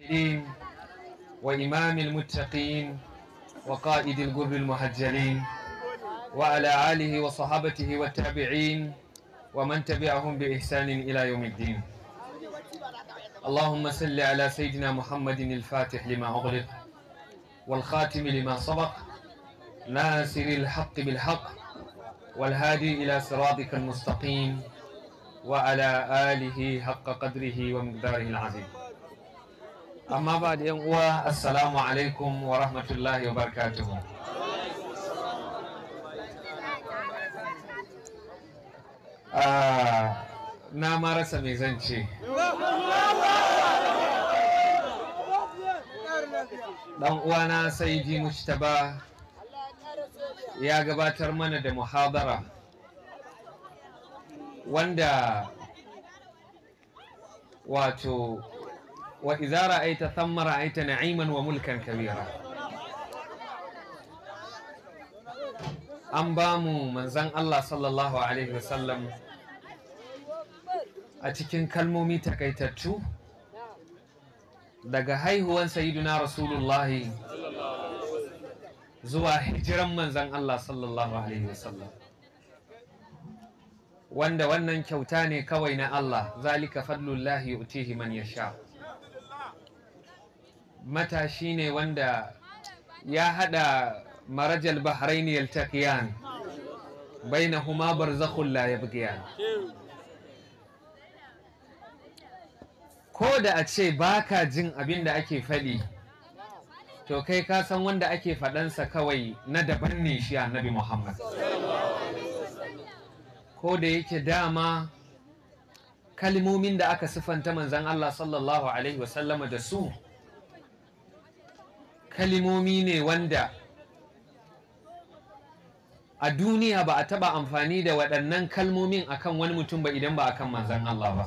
المرسلين وإمام المتقين وقائد القرب المهجلين وعلى آله وصحابته والتابعين ومن تبعهم بإحسان إلى يوم الدين اللهم صل على سيدنا محمد الفاتح لما أغلق والخاتم لما سبق ناصر الحق بالحق والهادي إلى صراطك المستقيم وعلى آله حق قدره ومقداره العظيم amma ba da yan uwa assalamu alaikum wa rahmatullahi wa barakatuhu ah, na marasa mai zance dan uwana saidi mustaba ya gabatar mana da muhabara wanda wato wa idza ra'aita thamma ra'aita na'iman wa mulkan kabira an ba mu manzan Allah sallallahu alaihi wasallam a cikin kalmomi takaitattu daga haihuwan sayyiduna rasulullahi zuwa hijiran manzan Allah sallallahu alaihi wasallam wanda wannan kyauta ne kawai na Allah zalika fadlullahi yu'tihi man yasha' matashi ne wanda ya hada marajal bahraini yaltaqiyan bainahuma barzakhun la yabghiyan ko da a ce baka jin abin da ake faɗi to kai ka san wanda ake faɗansa kawai na daban ne shi annabi muhammad ko da yake dama kalmomin da aka sifanta manzan allah sallallahu alaihi wasallama da su kalimomi ne wanda a duniya ba a taba amfani da waɗannan kalmomin akan wani mutum ba idan ba akan manzan Allah ba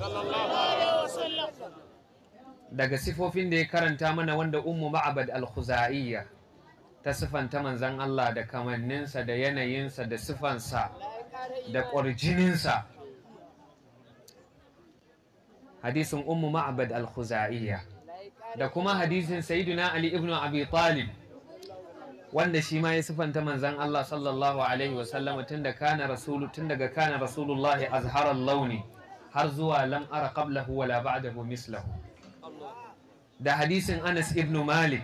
daga sifofin da ya karanta mana wanda ummu ma'abad al-khuza'iyya ta sifanta manzan Allah da kamanninsa da yanayinsa da sifansa da ƙwarjininsa hadisin ummu ma'abad al-khuza'iyya da kuma hadisin sayyiduna ali ibn abi talib wanda shi ma ya sifanta manzan Allah sallallahu alaihi tun da kana rasulu tun daga kana rasulullah al launi har zuwa lam ara qablahu wala ba'dahu mislahu da hadisin Anas ibn Malik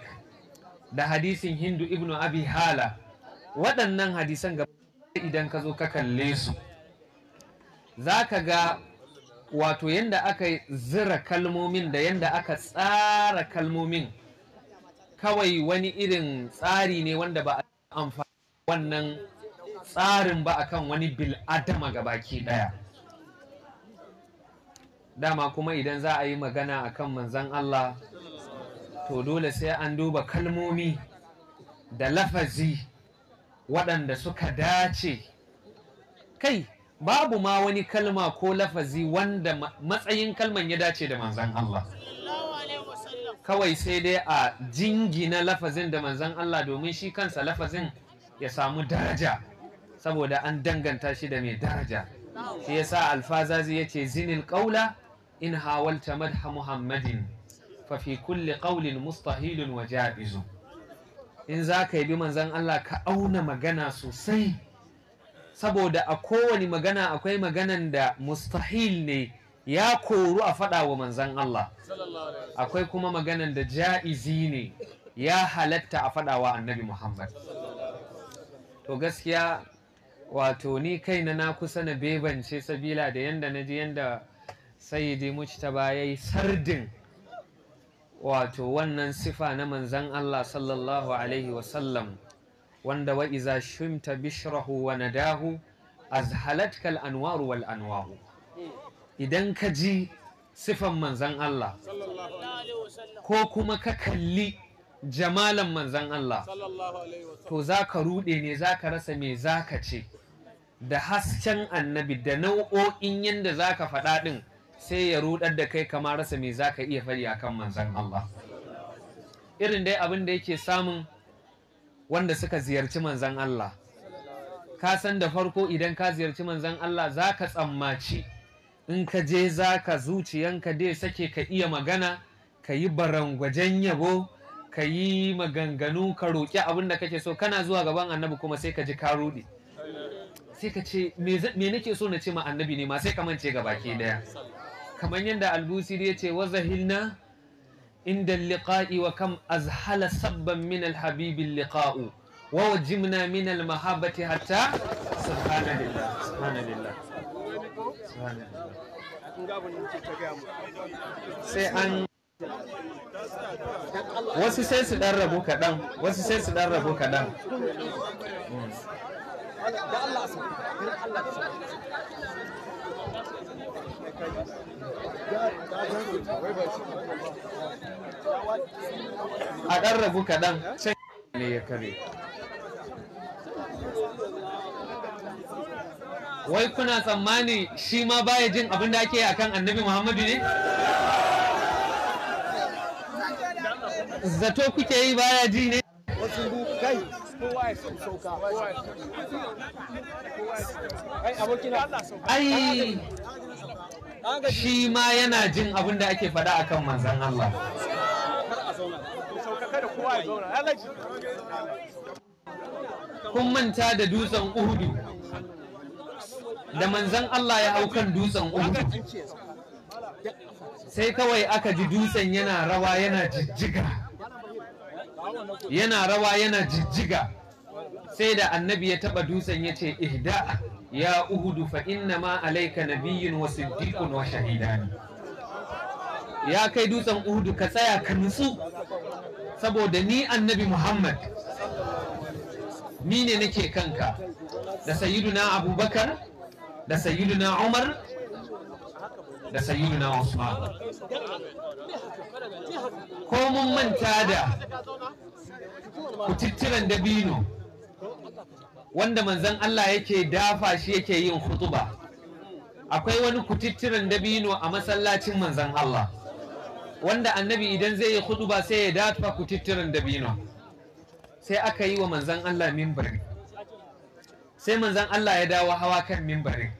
da hadisin Hindu ibn Abi Hala waɗannan hadisan gaba idan ka zo ka kalle su za ka ga wato yadda aka zira kalmomin da yadda aka tsara kalmomin kawai wani irin tsari ne wanda ba a amfani wannan tsarin ba akan wani bil'adama baki daya dama kuma idan za a yi magana akan manzan Allah to dole sai an duba kalmomi da lafazi waɗanda suka dace kai babu ma wani kalma ko lafazi wanda matsayin kalman ya dace da manzan Allah kawai sai dai a jingina lafazin da manzan Allah domin shi kansa lafazin ya samu daraja saboda an danganta shi da mai daraja shi yasa alfazazi ya ce "Zinin ƙaula in hawalta madha muhammadin fa fi kulli ƙaulin mustahilun wa izu. in za ka yi bi manzan Allah ka auna magana sosai saboda a kowane magana akwai maganan da mustahil ne ya koru a faɗa wa manzan Allah akwai kuma maganan da ja'izi ne ya halatta a faɗa wa annabi Muhammad to gaskiya wato ni kai na kusa na bebance sabila da yanda na ji yanda sayyidi mujtaba ya yi sardin wato wannan sifa na manzan Allah sallallahu alaihi wasallam wanda wa iza shimta bishrahu wa nadahu azhalatkal anwaru wal anwahu idan ka ji sifan manzan Allah ko kuma ka kalli jamalan manzan Allah to za ka ruɗe ne za ka rasa me za ka ce da hasken annabi da nau'o'in yadda za ka faɗa ɗin sai ya ruɗar da kai kama rasa me za ka iya faɗi akan manzan Allah irin dai abin da yake samun wanda suka ziyarci manzan Allah ka san da farko idan ka ziyarci manzan Allah za ka tsammaci in ka je za ka zuciyanka dai sake ka iya magana ka yi barangwajen yabo ka yi maganganu ka roƙi abin da kake so kana zuwa gaban annabi kuma sai ka ji ka ruɗe sai ka ce me nake so na ce ma annabi ne ma sai ka mance ga baki daya kamar yadda albusi ya ce wazahilna عند اللقاء وكم أزحل سبا من الحبيب اللقاء ووجمنا من المحبة حتى سبحان لله سبحان لله سبحان لله sai an wasu sai su dan rabu kaɗan wasu sai su dan rabu kaɗan da a ɗan ragu kaɗan can ne ya kare wai kuna tsammani shi ma baya jin abin da ake akan annabi muhammadu ne zato kuke yi baya ji ne ai shi ma yana jin abin da ake faɗa kan manzan Allah kun manta da dutsen uhudu da manzan Allah ya aukan dutsen uhudu sai kawai aka ji dutsen yana rawa yana jijjiga yana rawa yana jijjiga sai da annabi ya taɓa dutsen ya ce ihda ya uhudu fa inna ma alaika nabiyyun wa siddiqun wa shahidani ya kai dutsen uhudu ka tsaya ka nutsu saboda ni annabi muhammad ni ne nake kanka da sayyiduna abubakar da sayyiduna umar da sayyiduna usman ko mun manta da kututturan dabino wanda manzan Allah yake dafa shi yake yin huɗuba, akwai wani kututturan dabino a masallacin manzan Allah wanda annabi idan zai yi huɗuba sai ya dafa kututturan dabino sai aka yi wa manzan Allah mimbari sai manzan Allah ya dawo hawa kan mimbarin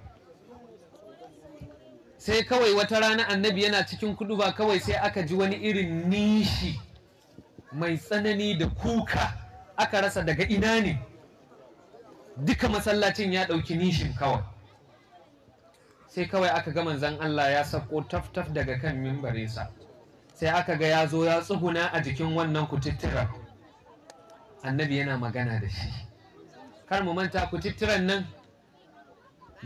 sai kawai wata rana annabi yana cikin kuduba kawai sai aka ji wani irin nishi mai tsanani da kuka aka rasa daga ina ne duka masallacin ya ɗauki nishin kawai sai kawai aka ga manzan Allah ya sako taftaf daga kan mimbarinsa sai aka ga ya zo ya tsuguna a jikin wannan kututturan annabi yana magana da shi kar mu manta kututturan nan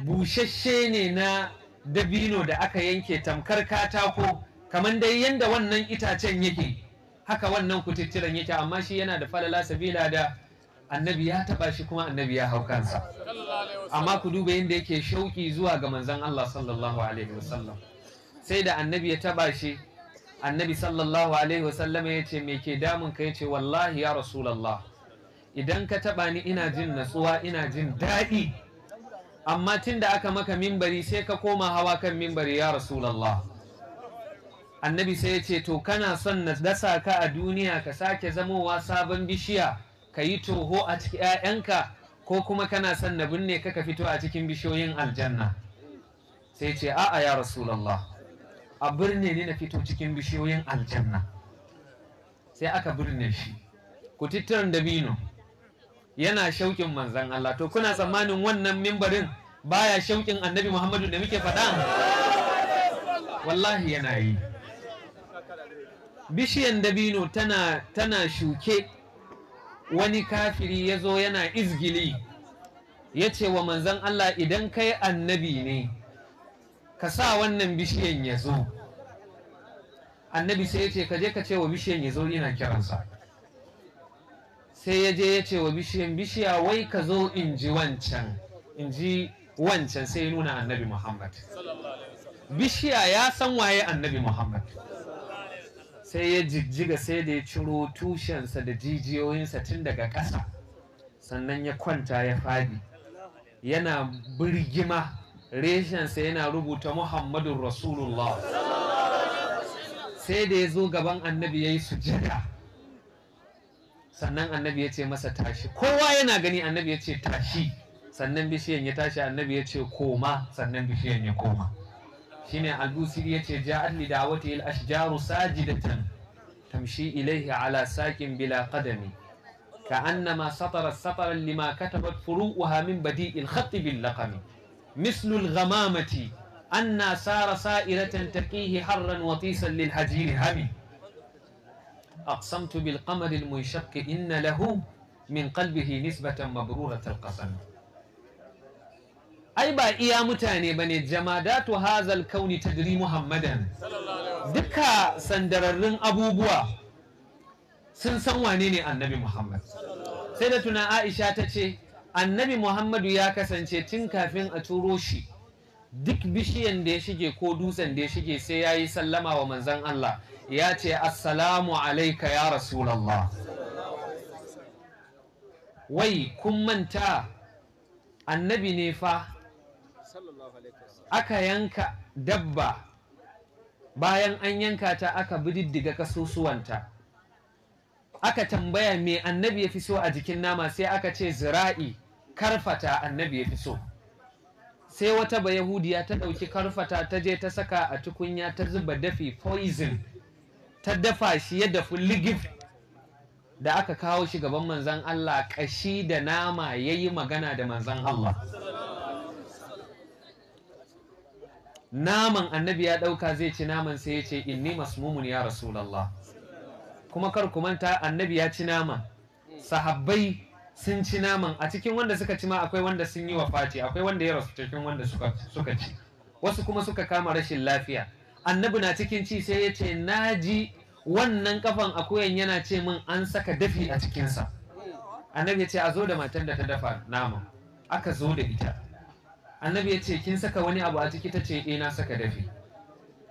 bushashe ne na dabino da aka yanke tamkar katako kamar dai yadda wannan itacen yake haka wannan kututturan yake amma shi yana da falala sabila da annabi ya taba shi kuma annabi ya hau kansa amma ku duba yadda yake shauki zuwa ga manzon Allah sallallahu alaihi wasallam sai da annabi ya taba shi annabi sallallahu alaihi wasallam ya ce me ke damun ka yace wallahi ya rasulullah idan ka taba ni ina jin natsuwa ina jin daɗi amma tun da aka maka mimbari sai ka koma hawa kan mimbari ya rasulallah annabi sai ya ce to kana son na dasa ka a duniya ka sake zamowa sabon bishiya ka yi toho a cikin 'ya'yanka ko kuma kana son na binne ka fito a cikin bishiyoyin aljanna sai ce a'a ya rasulallah a birne ne na fito cikin bishiyoyin aljanna sai aka birne shi ku da dabino yana shauƙin manzan Allah to kuna tsammanin wannan mimbarin baya shauƙin annabi Muhammadu da muke faɗa wallahi yana yi bishiyan dabino tana tana shuke wani kafiri ya zo yana izgili ya ce wa manzan Allah idan kai annabi ne ka sa wannan bishiyan ya zo annabi sai ya ce ka je ka ce wa bishiyan ya zo yana kiransa sai ya je ya ce wa bishiyan bishiya wai ka zo in ji wancan in ji wancan sai nuna annabi muhammad bishiya ya san waye annabi muhammad sai ya jijjiga sai da ya ciro tushensa da jijiyoyinsa tun daga ƙasa sannan ya kwanta ya fadi yana birgima reshensa yana rubuta Muhammadu rasulullah sai da ya zo gaban annabi ya yi sujada sannan annabi ya ce masa tashi kowa yana gani annabi ya ce tashi sannan bishiyan ya tashi annabi ya ce koma sannan bishiyan ya koma shine البوسي يتي جاءت ja'at الاشجار ساجده تمشي اليه على tamshi بلا قدم كأنما سطرت سطرا لما كتبت فروقها من بديء الخط باللقم مثل الغمامة أن سار سائرة تقيه حرا وطيسا للحجير همي أقسمت بالقمر المنشق إن له من قلبه نسبة مبرورة القسم ai ba iya mutane ba ne jamadatu hazal kauni ta diri muhammadan duka sandararrun abubuwa sun san wane ne annabi muhammad sai da tuna aisha ta ce annabi muhammadu ya kasance tun kafin a turo shi duk bishiyan da ya shige ko dutsen da ya shige sai ya yi sallama wa manzan allah ya ce assalamu alaika ya rasulallah wai kun manta annabi ne fa aka yanka dabba bayan an yanka ta aka bididdiga kasusuwanta aka tambaya me annabi ya fi so a jikin nama sai aka ce zira'i karfata annabi ya fi so sai wata yahudiya ta ɗauki karfata ta je ta saka a tukunya ta zuba dafi poison ta dafa shi ya dafi ligif da aka kawo shi gaban manzan Allah ƙashi da nama ya yi magana da manzan Allah naman annabi ya ɗauka zai ci naman sai ya ce inni masmumun ya rasulallah kuma kar ku manta annabi ya ci naman sahabbai sun ci naman a cikin wanda suka ci ma akwai wanda sun yi Fati, akwai wanda ya rasu cikin wanda suka ci wasu kuma suka kama rashin lafiya annabi na cikin ci sai ya ce na wannan kafan akuyan yana ce min an saka dafi a cikinsa annabi ya ce a zo da matar da ta dafa naman aka zo da ita annabi ya ce kin saka wani abu a ciki ta ce eh na saka dafi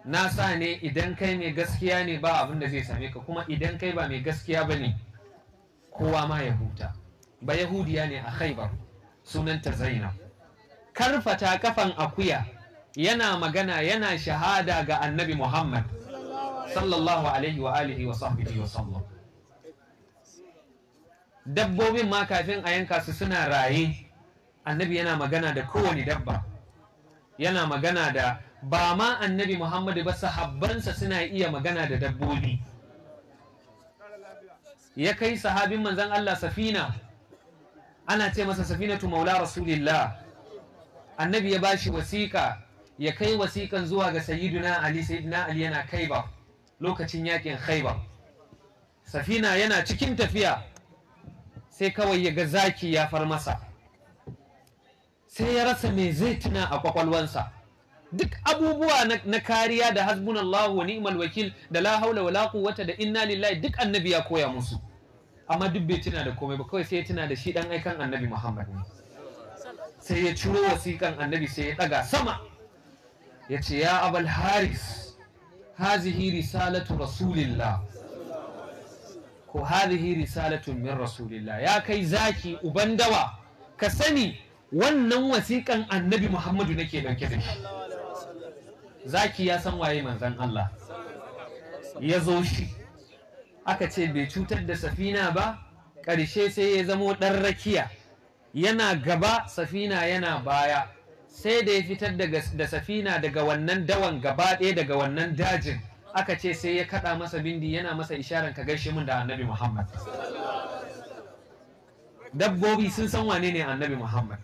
na sa ne idan kai mai gaskiya ne ba abin da zai same ka kuma idan kai ba mai gaskiya ba ne kowa ma ya huta ba yahudiya ne a khaibar sunanta zainab karfata kafan akuya yana magana yana shahada ga annabi muhammad sallallahu alaihi wa alihi wa sahbihi wa sallam dabbobin ma kafin a yanka su suna raye annabi yana magana da kowane dabba yana magana da ba ma annabi muhammadu ba sahabbansa suna iya magana da dabbobi ya kai sahabin manzan allah safina ana ce masa safina tu maula rasulillah annabi ya ba shi wasiƙa ya kai wasiƙan zuwa ga sayyiduna ali sayyiduna ali yana kai ba. lokacin yakin khaibar safina yana cikin tafiya sai kawai ya ga zaki ya far masa sai ya rasa me zai tuna a kwakwalwansa duk abubuwa na kariya da hasbunallahu wa ni'mal wakil da la haula wala quwwata da inna lillahi duk annabi ya koya musu amma duk bai tuna da komai ba kawai sai ya tuna da shi dan aikan annabi Muhammad sai ya ciro wasikan annabi sai ya daga sama ya ce ya abal haris hazihi risalatu rasulillah ko hazihi risalatu min rasulillah ya kai zaki uban dawa ka sani wannan wasiƙan annabi muhammadu nake dauke da shi zaki ya san waye manzan Allah ya zo shi aka ce bai cutar da safina ba ƙarshe sai ya zamo ɗan rakiya yana gaba safina yana baya sai da ya fitar da safina daga wannan dawan gaba ɗaya daga wannan dajin aka ce sai ya kaɗa masa bindi yana masa isharar ka gaishe mun da annabi muhammad dabbobi sun san wane ne annabi muhammad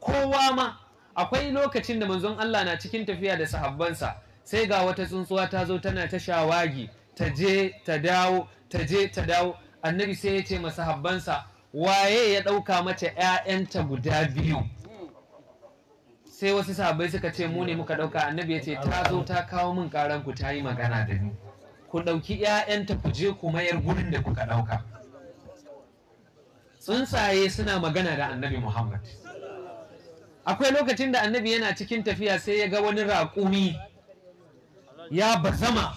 kowa ma akwai lokacin da manzon Allah na cikin tafiya da sahabbansa sai ga wata tsuntsuwa ta zo tana ta shawagi ta je ta dawo ta je ta dawo annabi sai ya ce sahabbansa waye ya ɗauka mace 'ya'yanta guda biyu sai wasu sahabbai suka ce mu ne muka ɗauka annabi ya ce ta zo ta kawo min karanku ta yi magana da ni ku ɗauki 'ya'yanta ku je ku mayar gurin da kuka ɗauka tsuntsaye suna magana da annabi muhammad akwai lokacin da annabi yana cikin tafiya sai ya ga wani raƙumi ya bazama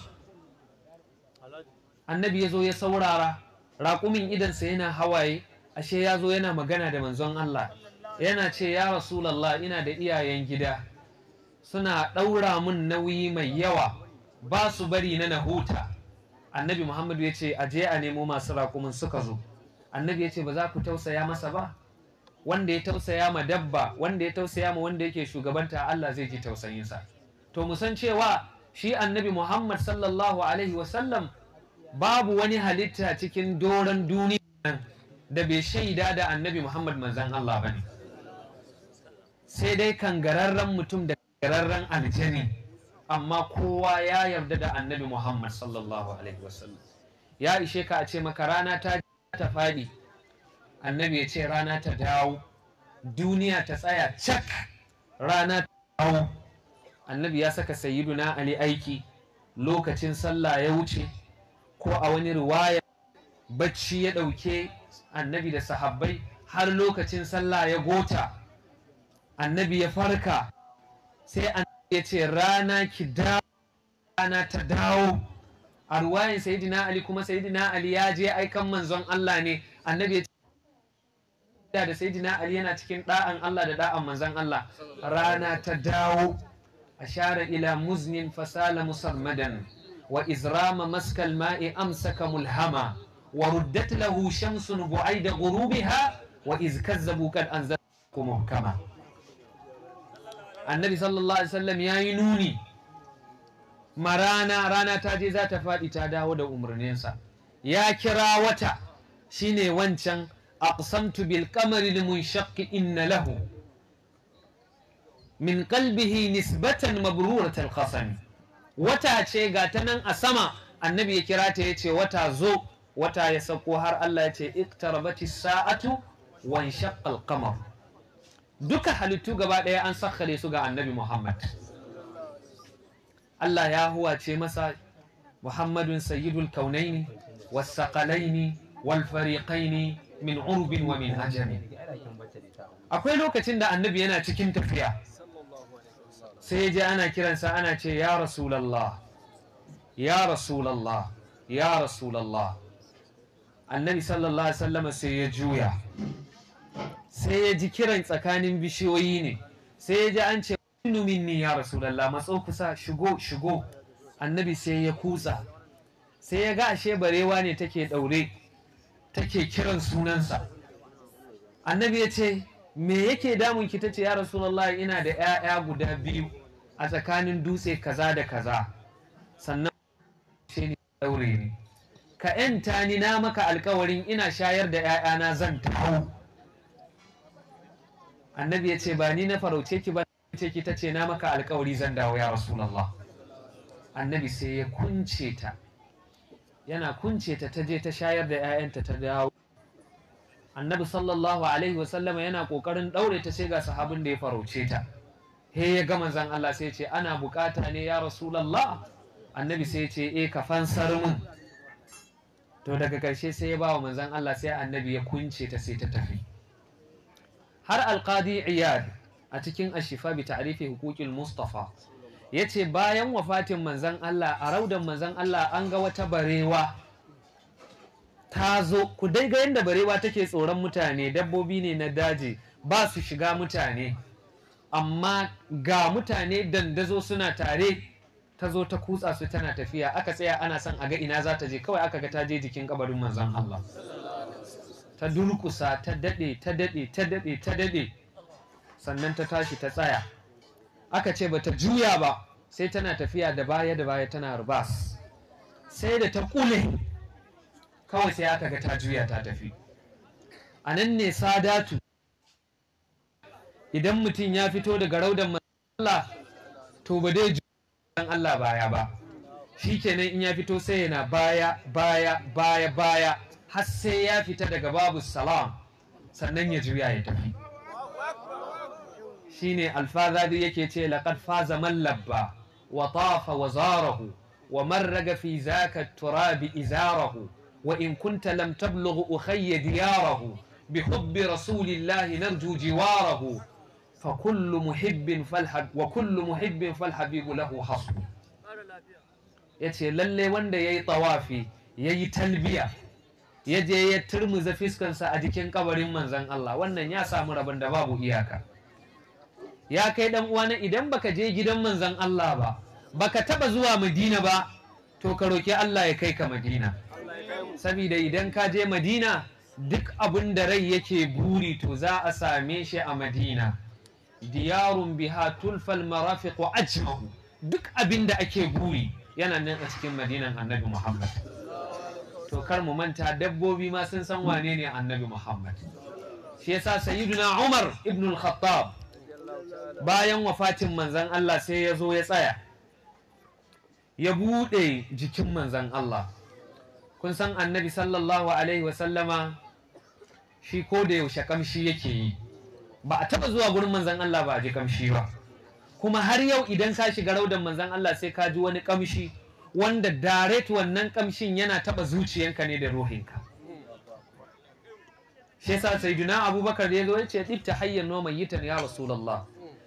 annabi ya zo ya saurara raƙumin idansa yana hawaye ashe ya zo yana magana da manzon Allah yana ce ya rasulallah ina da iyayen gida suna ɗaura mun nauyi mai yawa ba su bari na na huta annabi muhammadu ya ce je a nemo masu raƙumin suka zo annabi ya ce ba za ku tausaya masa ba wanda ya tausaya ma dabba wanda ya tausaya ma wanda yake shugabanta Allah zai ji tausayinsa to mu san cewa shi annabi Muhammad sallallahu alaihi wasallam babu wani halitta cikin doron duniya da bai shaida da annabi Muhammad manzon Allah bane sai dai kan kangararren mutum da kangararren aljani amma kowa ya yarda da annabi Muhammad sallallahu alaihi wasallam ya ishe ka a ce maka rana ta ta faɗi annabi ya ce rana ta dawo duniya ta tsaya cak rana ta dawo annabi ya saka sayyiduna ali aiki lokacin sallah ya wuce ko a wani riwaya bacci ya ɗauke annabi da sahabbai har lokacin sallah ya gota annabi ya farka sai annabi ya ce rana ki dawo rana ta dawo a ruwayin sayidina ali kuma sayidina ali ya je aikan manzon Allah ne annabi ya ce da sayyidina ali yana cikin da'an Allah da da'an manzon Allah rana ta dawo ashara ila muznin fasala musammadan wa izrama maskal ma'i amsaka mulhama wa ruddat lahu shamsun bu'aida ghurubiha wa iz kazzabu kad anzalakum muhkama annabi sallallahu alaihi wasallam yayi nuni marana rana ta je za ta faɗi ta dawo da umarninsa ya kira wata shine wancan aqsamtu bil qamari lil munshaqqi inna lahu min qalbihi nisbatan mabrurat al wata ce ga ta nan a sama annabi ya kira ta yace wata zo wata ya sako har Allah ya ce iqtarabati sa'atu wa inshaqqa al qamar duka halittu gaba ɗaya an sakhale su ga annabi Muhammad Allah ya huwace masa Muhammadun sayidun kaunaini والثقلين والفريقين min urbin wa min ajami akwai lokacin da annabi yana cikin tafiya sai ya je ana kiransa ana ce ya rasulallah ya rasulallah ya rasulallah annabi sallallahu alaihi wasallam sai ya juya sai ya ji kiran tsakanin bishiyoyi ne sai ya ji an ce innu minni ya rasulallah matso kusa shigo shigo annabi sai ya kutsa sai ya ga ashe barewa ne take daure take kiran sunansa annabi ya ce me yake damun ki tace ya rasulullahi ina da ƴaƴa guda biyu a tsakanin dutse kaza da kaza sannan ce ni daure ni ka yanta ni na maka alkawarin ina shayar da 'ya'yana zan taho annabi ya ce ba ni na farauce ki ba ce ki tace na maka alkawari zan dawo ya rasulullahi annabi sai ya kunce ta yana kunce ta ta je ta shayar da 'ya'yanta ta dawo annabi sallallahu alaihi wasallama yana ƙoƙarin ɗaure ta sai ga sahabin da ya farauce ta he ya ga zan Allah sai ce ana bukata ne ya rasulullah annabi sai ce eh ka fansar mun to daga karshe sai ya bawa manzan Allah sai annabi ya kunce ta sai ta tafi har alqadi iyad a cikin ashifa bi ta'rifi huquqil mustafa ya ce bayan wafatin manzan Allah a raudan manzan Allah an ga wata barewa ta zo ku dai ga yadda barewa take tsoron mutane dabbobi ne na daji ba su shiga mutane amma ga mutane dandazo suna tare ta zo ta kutsa su tana tafiya aka tsaya ana son a ga ina za ta je kawai aka ga ta je jikin kabarin manzan Allah ta durkusa ta daɗe ta daɗe ta daɗe ta daɗe sannan ta tashi ta tsaya aka ce bata juya ba sai tana tafiya da baya da baya tana rubas sai da ta kule kawai sai aka ga ta juya ta tafi a nan ne sadatu idan mutum ya fito daga raudan Allah to ba dai juyan Allah baya ba shi kenan in ya fito sai yana baya baya baya baya har sai ya fita daga babu salam sannan ya juya ya tafi shine alfazadi yake ce laqad faza man labba wa tafa wa zarahu wa marraga fi zaka turabi izarahu wa in kunta lam tablugh ukhayya diyarahu rasulillah رسول الله نرجو جواره muhibbin محب فالحب وكل محب yace lalle wanda yayi tawafi yayi talbiya je ya turmuza fiskansa a jikin kabarin manzon Allah wannan ya samu rabon da babu iyaka ya kai dan uwana idan baka je gidan manzon Allah ba baka taba zuwa Madina ba to ka roki Allah ya kai ka Madina saboda idan ka je Madina duk abin da rai yake buri to za a same shi a Madina diyarun biha tulfal marafiq ajma'u duk abin da ake buri yana nan a cikin madinan annabi Muhammad to kar mu manta dabbobi ma sun san wane ne annabi Muhammad shi yasa sayyiduna Umar ibn al-Khattab bayan wafatin manzan Allah sai ya zo ya tsaya ya buɗe jikin manzan Allah kun san annabi sallallahu alaihi wasallama shi ko da yaushe kamshi yake yi ba a taɓa zuwa gurin manzan Allah ba a ji kamshi ba kuma har yau idan ka shiga raudan manzan Allah sai ka ji wani kamshi wanda direct wannan kamshin yana taɓa zuciyanka ne da ruhinka shi yasa sayyidina abubakar ya zo ya ce tsifta hayyan noman yitan ya rasulullah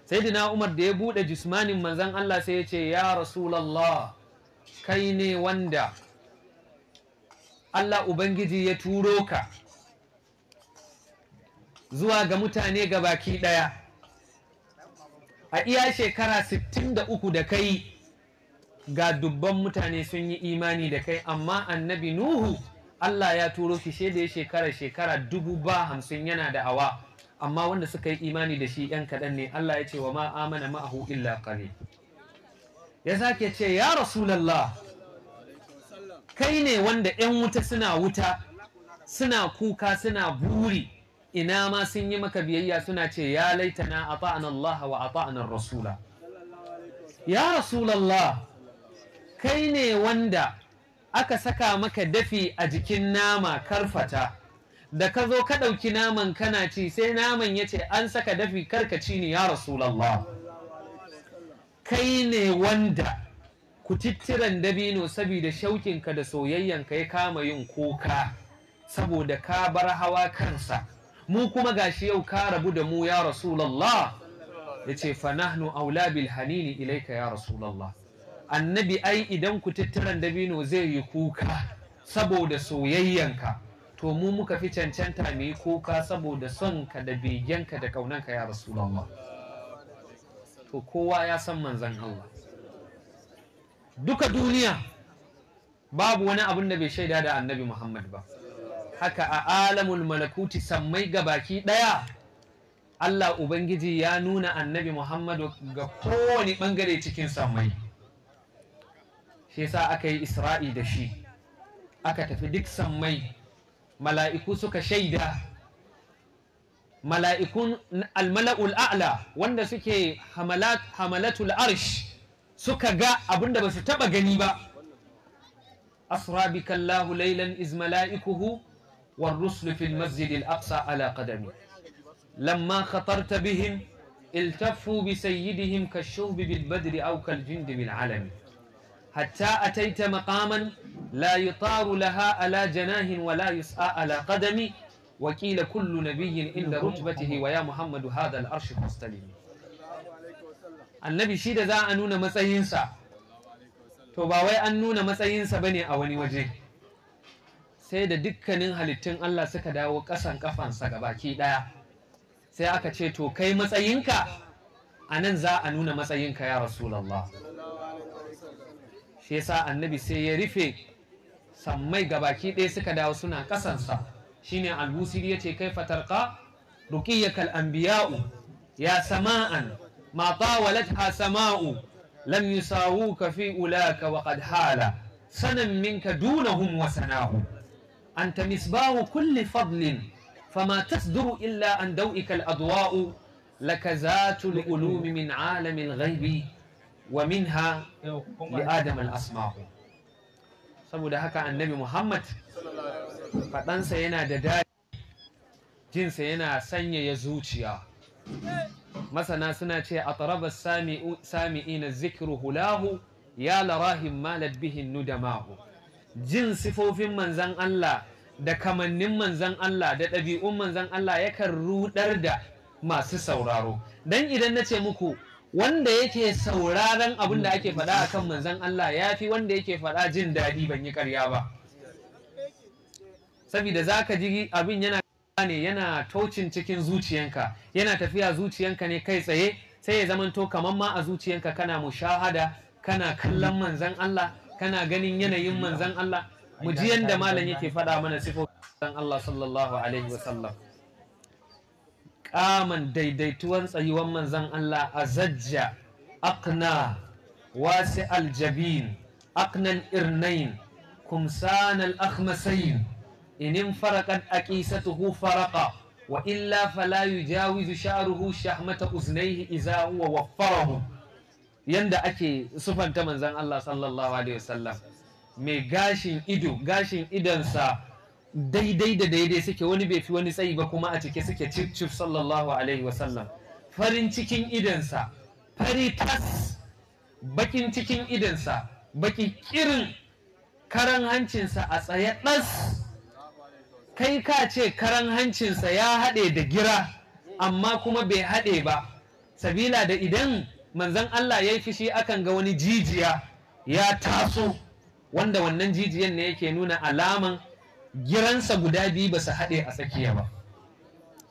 sayyidina umar da ya bude jismanin manzan Allah sai ya ce ya rasulallah kai ne wanda Allah ubangiji ya turo ka zuwa ga mutane ga baki daya a iya shekara 63 da kai ga dubban mutane sun yi imani da kai amma annabi nuhu Allah ya turo ki da ya shekara shekara dubu ba hamsin yana da awa amma wanda suka yi imani da shi ‘yan kaɗan ne Allah ya ce wa ma amana ma'ahu illa ƙare ya sake ce ya rasulallah kai ne wanda ‘yan wuta suna wuta suna kuka suna buri ina ma sun yi maka biyayya suna ce ya laitana a ta'an Allah wa a ta'an rasula ya rasulallah kai ne wanda aka saka maka dafi a jikin nama karfata da ka zo ka ɗauki naman kana ci sai naman ya ce an saka dafi karkaci ne ya rasulallah kai ne wanda kutittiran dabino saboda shaukinka da soyayyanka ya kama yin kuka saboda ka bar hawa kansa mu kuma gashi yau ka rabu da mu ya rasulallah ya ce fa nahnu aula bil hanini ilaika ya rasulallah annabi ai idan kutittiran dabino zai yi kuka saboda soyayyanka to mu muka fi cancanta mu yi kuka saboda son ka da begenka da kaunanka ya rasulullah to kowa ya san manzan Allah duka duniya babu wani abin da bai shaida da annabi Muhammad ba haka a alamul malakuti sammai ga baki daya Allah Ubangiji ya nuna annabi Muhammad ga kowane bangare cikin sammai shi yasa aka yi isra'i da shi aka tafi duk sammai ملائكو سكا شيدا ملائكو الملأ الأعلى وانا سكي حملات حملات الأرش سكا غا أبندا بس تبا غنيبا أصرابك الله ليلا إذ ملائكه والرسل في المسجد الأقصى على قدمي لما خطرت بهم التفوا بسيدهم كالشوب بالبدر أو كالجند بالعلم hatta ataita maqaman la yutaru laha ala janahin wa la yus'a ala qadami wa qila kullu nabiyyin inda rutbatihi wa ya muhammadu hadal al-arsh annabi shi da za a nuna matsayinsa to ba wai an nuna matsayinsa ba ne a wani waje sai da dukkanin halittun Allah suka dawo ƙasan kafansa baki ɗaya sai aka ce to kai matsayinka a nan za a nuna matsayinka ya rasulallah shi yasa annabi sai ya rufe sammai gabaki ɗaya suka dawo suna ƙasansa shine albusiri yace kai fatarqa kal anbiya'u ya sama'an ma tawalatha sama'u lam yusawuka fi ulaka wa qad hala sanan minka dunahum wa sana'u anta misbahu kulli fadlin فما تصدر إلا عن دوئك adwa'u لكزات الألوم من عالم الغيب wa minha li adam al-asma'u saboda haka annabi muhammad faɗansa yana da daɗi jinsa yana sanyaya zuciya masana suna ce a sami sami'ina zikiru hulahu ya larahin malat bihin nudamahu jin sifofin manzan Allah da kamannin manzan Allah da ɗabi'un manzan Allah yakan rudar da masu sauraro don idan na ce muku wanda yake sauraron abin da ake faɗa akan manzan Allah ya fi wanda yake faɗa jin daɗi ban yi karya ba saboda za ka ji abin yana ne yana taucin cikin zuciyanka yana tafiya zuciyanka ne kai tsaye sai ya zamanto kamar ma a zuciyanka kana mushahada kana kallon manzan Allah kana ganin yanayin manzan Allah mu ji yanda malam yake faɗa mana sifofin Allah sallallahu alaihi wasallam kaman daidaituwar tsayuwar manzan Allah a zajja akna wasi aljabin aknan irnain kumsan al-akhmasain inin farakat tuhu faraka wa illa fala yujawizu sha'ruhu shahmata uznaihi idza huwa waffarahu yanda ake sufanta manzan Allah sallallahu alaihi wasallam mai gashin ido gashin idansa daidai da daidai suke wani bai fi wani tsayi ba kuma a cike suke cif sallallahu alaihi wasallam farin cikin idansa fari tas bakin cikin idansa baki kirin karan hancinsa a tsaye ɗas kai ka ce karan hancinsa ya haɗe da gira amma kuma bai haɗe ba sabila da idan manzan Allah ya yi fishi akan ga wani jijiya ya taso wanda wannan jijiyan ne yake nuna alaman giransa guda biyu ba su haɗe a tsakiya ba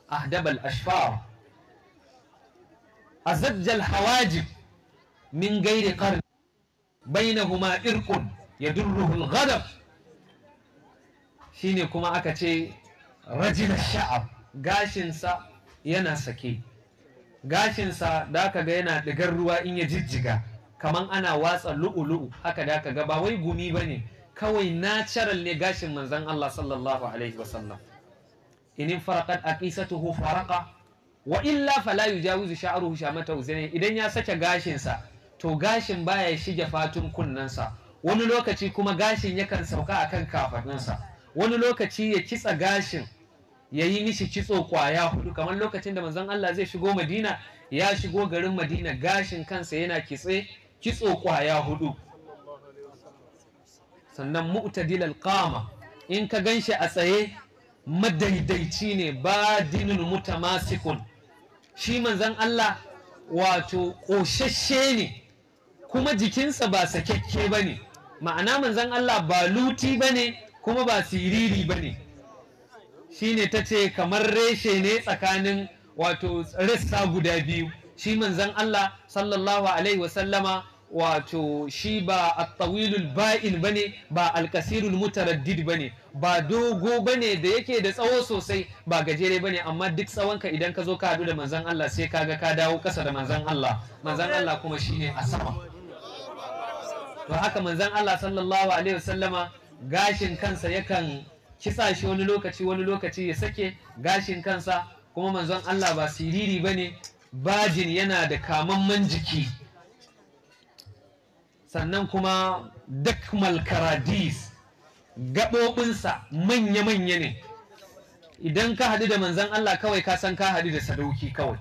ahdabal ashfar azajjal hawajib min gairi qarn bainahuma irqun yadurruhu al-ghadab shine kuma aka ce rajin sha'ab gashinsa yana sake gashinsa da aka ga yana ɗigar ruwa in ya jijjiga kamar ana watsa lu'u-lu'u haka da aka ga ba wai gumi ba ne kawai na natural ne gashin manzan Allah sallallahu alaihi wasallam in faraqat aqisatuhu faraka wa illa fala yujawizu sha'ruhu shamatahu ne. idan ya sake gashin sa to gashin baya shiga fatun kunnensa wani lokaci kuma gashin yakan sauka akan kafadunsa. wani lokaci ya kitsa gashin ya yi mishi kitso kwaya hudu kamar lokacin da manzon Allah zai shigo Madina ya shigo garin Madina gashin kansa yana kitse kitso kwaya hudu sannan mu'tadil alqama in ka ganshi a tsaye madaidaici ne ba badinul mutamasikun shi manzon Allah wato ƙoshashe ne kuma jikinsa ba sakekke ba ne ma'ana manzon Allah ba luti ba ne kuma ba siriri ba ne shi ne ta ce kamar reshe ne tsakanin wato rassa guda biyu shi manzon Allah sallallahu alaihi wasallama wato shi ba a tawilul ba'in bane ba alkasirul mutaraddid ba bane ba dogo bane da yake da tsawo sosai ba gajere bane amma duk tsawonka idan ka zo ka haɗu da manzon Allah sai kaga ka dawo kasa da manzon Allah manzon Allah kuma shi ne a sama to haka manzon Allah sallallahu alaihi wasallama gashin kansa yakan kisa shi wani lokaci wani lokaci ya sake gashin kansa kuma manzon Allah ba siriri ba ne bajin yana da kamamman jiki sannan kuma dakmal karadis gaɓoɓinsa manya-manya ne idan ka haɗu da manzan Allah kawai ka san ka haɗu da sadauki kawai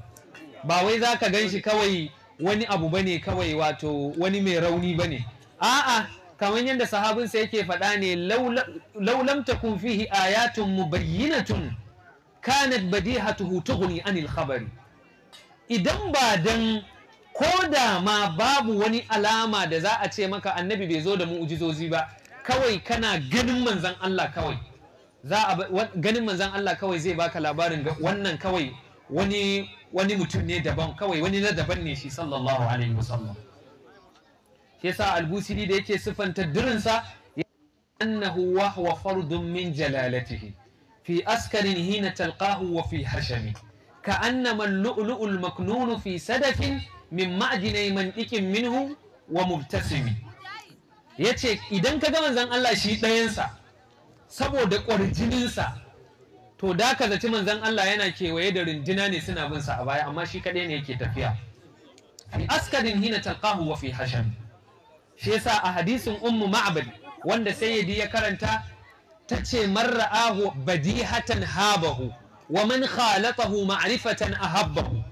ba wai za ka gan shi kawai wani abu bane kawai wato wani mai rauni bane a'a kamar yadda sahabinsa yake faɗa ne laulam takun fihi ayatun mubayyinatun kanat badihatu tughni anil khabari idan ba dan ko da ma babu wani alama da za a ce maka annabi bai zo da mu'ujizozi ba kawai kana ganin manzan Allah kawai za a ganin manzan Allah kawai zai baka labarin wannan kawai wani wani mutum ne daban kawai wani na daban ne shi sallallahu alaihi wasallam shi yasa albusiri da yake siffanta dirinsa annahu wa huwa fardun min jalalatihi fi askarin hina talqahu wa fi hashami ka annama al-lu'lu'ul maknun fi sadafin min man mandikin minhu wa mubtasimi yace idan ka ga manzan Allah shi ɗayansa saboda ƙwarjininsa to da ka zaci zan Allah yana kewaye da rundina ne suna bin sa a baya amma shi kaɗai ne yake tafiya fi askadin hina talqahu wa fi hashan shi yasa a hadisin ummu ma'bad wanda sayyidi ya karanta ta ce marra'ahu badihatan habahu wa man khalatahu ma'rifatan ahabbahu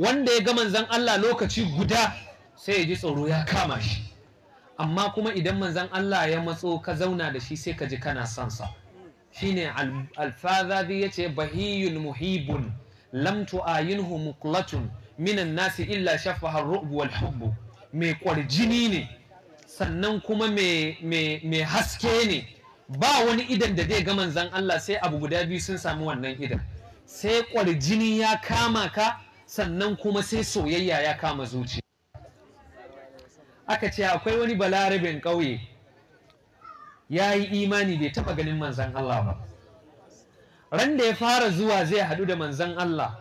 wanda ya ga manzan Allah lokaci guda sai ya ji tsoro ya kama shi amma kuma idan manzan Allah ya matso ka zauna da shi sai ka ji kana son shine alfazari ya ce, bahiyun muhibun lam tu'ayinhu muqlatun minan nasi illa shafaha ar-ru'b wal mai kwarjini ne sannan kuma mai haske ne ba wani idan da zai ga manzan Allah sai abu guda biyu sun samu wannan idan sai kwarjini ya kama ka sannan kuma sai soyayya ya kama zuci aka ce akwai wani balarabin ƙauye ya yi imani bai taɓa ganin manzan Allah ba ran da ya fara zuwa zai haɗu da manzan Allah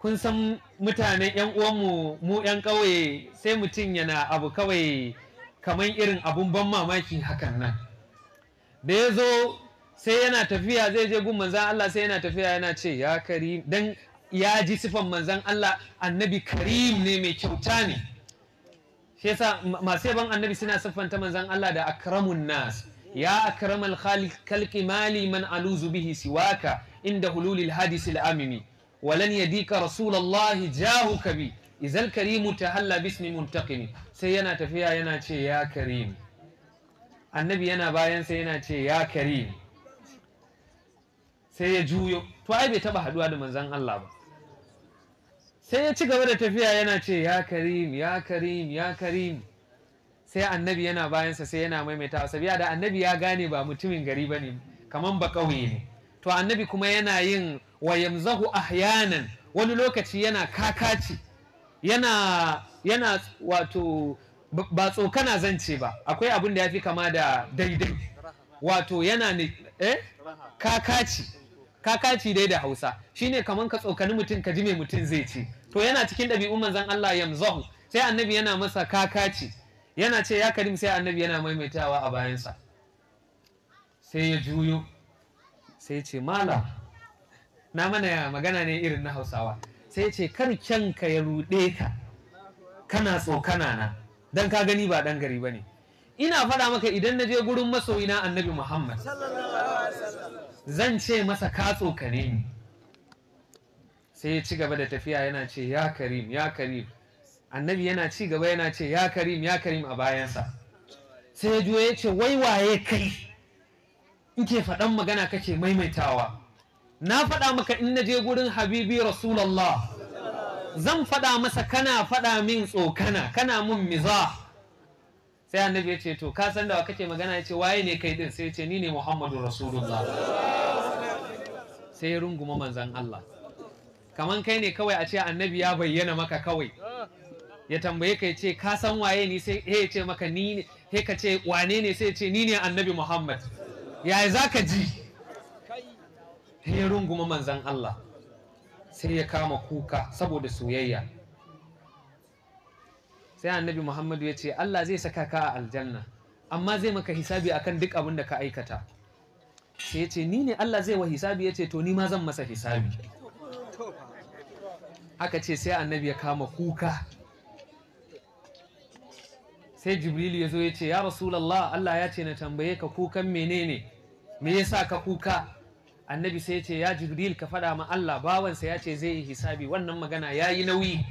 kun san mutanen yan uwanmu mu yan ƙauye sai mutum yana abu kawai kamar irin abun ban mamaki hakan nan da ya zo sai yana tafiya zai je gun manzan Allah sai yana tafiya yana ce ya kari don ya ji sifan manzan Allah annabi karim ne mai kyauta ne shi yasa masu yaban annabi suna siffanta manzan Allah da akramun nas ya akramal khalqi mali man aluzu bihi siwaka inda hululil hadis al-amimi walan yadika rasulullahi jahu kabi izal karimu tahalla bismi muntaqimi sai yana tafiya yana ce ya karim annabi yana bayan sai yana ce ya karim sai ya juyo to ai bai taba haduwa da manzan Allah ba sai ya ci gaba da tafiya yana ce ya karim ya karim ya karim sai annabi yana bayansa sai yana maimaita sabiya da annabi ya gane ba mutumin gari ba ne kaman ba ƙauye ne to annabi kuma yana yin zahu ahyanan wani lokaci yana kakaci yana yana wato ba tsokana zance ba akwai abin da ya fi kama da daidai wato yana ne eh? kakaci kakaci dai da hausa shine kamar ka tsokani mutum ka ji mai mutum zai ce to yana cikin ɗabi'un manzon Allah yamzahu sai annabi yana masa kakaci yana ce ya karim sai annabi yana maimaitawa a bayansa sai ya juyo sai ya ce mala na mana magana ne irin na hausawa sai ya ce kar kyanka ya ruɗe ka kana tsokana na dan ka gani ba dan gari bane ina faɗa maka idan na je gurin masoyina annabi muhammad zan ce masa ka tsokane ni sai ya ci gaba da tafiya yana ce ya karim ya karim annabi yana ci gaba yana ce ya karim ya karim a bayansa sai ya juya ya ce wai waye kai in ke faɗan magana kake maimaitawa na faɗa maka in na je gurin habibi rasulallah zan faɗa masa kana faɗa min tsokana kana mun miza sai annabi ya ce to ka san da wa kake magana ya ce waye ne kai din sai ya ce ni ne muhammadu rasulullah sai ya runguma manzan Allah kaman kai ne kawai a ce annabi ya bayyana maka kawai ya tambaye ka ce ka san waye ni sai ya ce maka ni ne sai ka ce wane ne sai ce ni ne annabi Muhammad yaya za ka ji ya runguma manzan Allah sai ya kama kuka saboda soyayya sai annabi Muhammadu ya ce Allah zai saka ka a aljanna amma zai maka hisabi akan duk abin da ka aikata sai ya ce ni ne Allah zai wa hisabi ya ce to ni ma zan masa hisabi aka ce sai annabi ya kama kuka sai Jibril ya zo ya ce ya rasulallah Allah ya ce na tambaye ka kukan menene me yasa ka kuka annabi sai ya ce ya jibril ka faɗa ma Allah bawansa ya ce zai yi hisabi wannan magana ya yi nauyi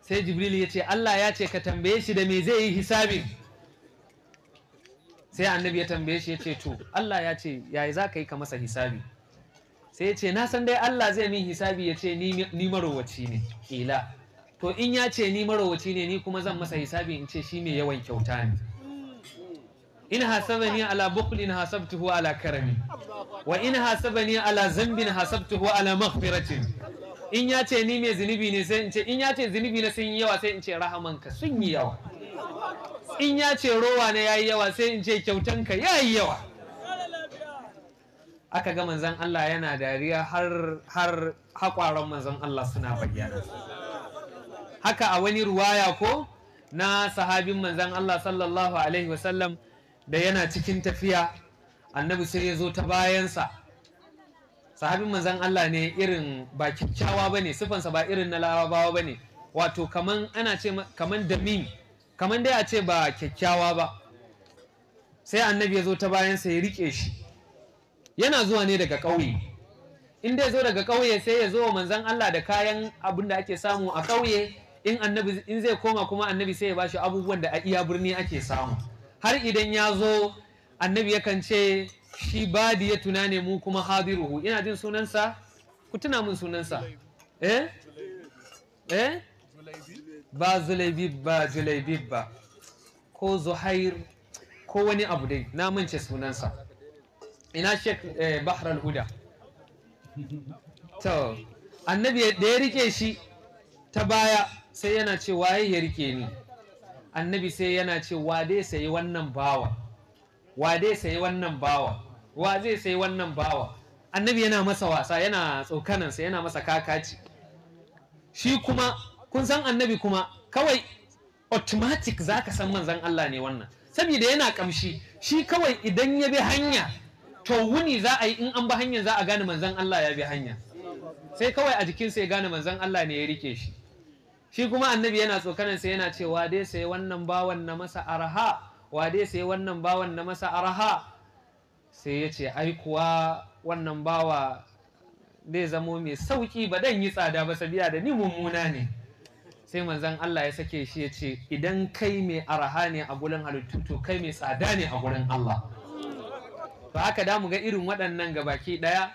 sai jibril ya ce Allah ya ce ka tambaye shi da me zai yi hisabi sai annabi ya tambaye shi ya ce to Allah ya ce yayi za ka yi ka masa hisabi sai ya ce na san dai Allah zai min hisabi ya ce ni marowaci ne ila to in ya ce ni marowaci ne ni kuma zan masa hisabi in ce shi mai yawan kyauta ne in ni ala bukhlin hasabtuhu ala karami wa in ni ala zambin hasabtuhu ala maghfiratin in ya ce ni mai zunubi ne sai in ce in ya ce zunubi na sun yi yawa sai in ce rahamanka sun yi yawa in ya ce rowa na yayi yawa sai in ce kyautanka yayi yawa aka ga manzan Allah yana dariya har har haƙwaron manzan Allah suna bayyana haka a wani ruwaya ko na sahabin manzan Allah sallallahu alaihi wasallam da yana cikin tafiya annabi sai ya zo ta bayansa sahabin manzan Allah ne irin ba kyakkyawa ba ne sifansa ba irin na larabawa ba ne wato kaman ana ce kaman damim kaman dai a ce ba kyakkyawa ba sai annabi ya zo ta bayansa ya rike shi yana zuwa ne daga ƙauye in dai zo daga ƙauye sai ya zo wa manzan Allah da kayan abin da ake samu a ƙauye in annabi in zai koma kuma annabi sai ya bashi abubuwan da a iya birni ake samu har idan ya zo annabi yakan ce shi badi ya tuna ne mu kuma hadiruhu ina jin sunansa ku tuna min sunansa eh eh ba zulaibib ba zulaibib ba ko zuhair ko wani abu dai na mance sunansa ina shek eh, bahar huda to annabi da ya rike shi ta baya sai yana ce waye ya rike ni annabi sai yana ce wa dai sayi wannan bawa wa dai sayi wannan bawa wa zai sayi wannan bawa annabi yana masa wasa yana tsokanansa yana masa kakaci shi kuma kun san annabi kuma kawai automatic za ka san manzon Allah ne wannan saboda yana kamshi shi kawai idan ya bi hanya to wuni za a yi in an ba hanyar za a gane manzan Allah ya bi hanya sai kawai a jikinsa ya gane manzan Allah ne ya rike shi shi kuma annabi yana tsokanan sai yana cewa dai sai wannan bawan na masa araha wa dai sai wannan bawan na masa araha sai ya ce ai wannan bawa zai zamo mai sauki ba dan yi tsada ba sabiya da ni mummuna ne sai manzan Allah ya sake shi ya ce idan kai mai araha ne a gurin halittu to kai mai tsada ne a gurin Allah to haka da mu ga irin waɗannan gabaki ɗaya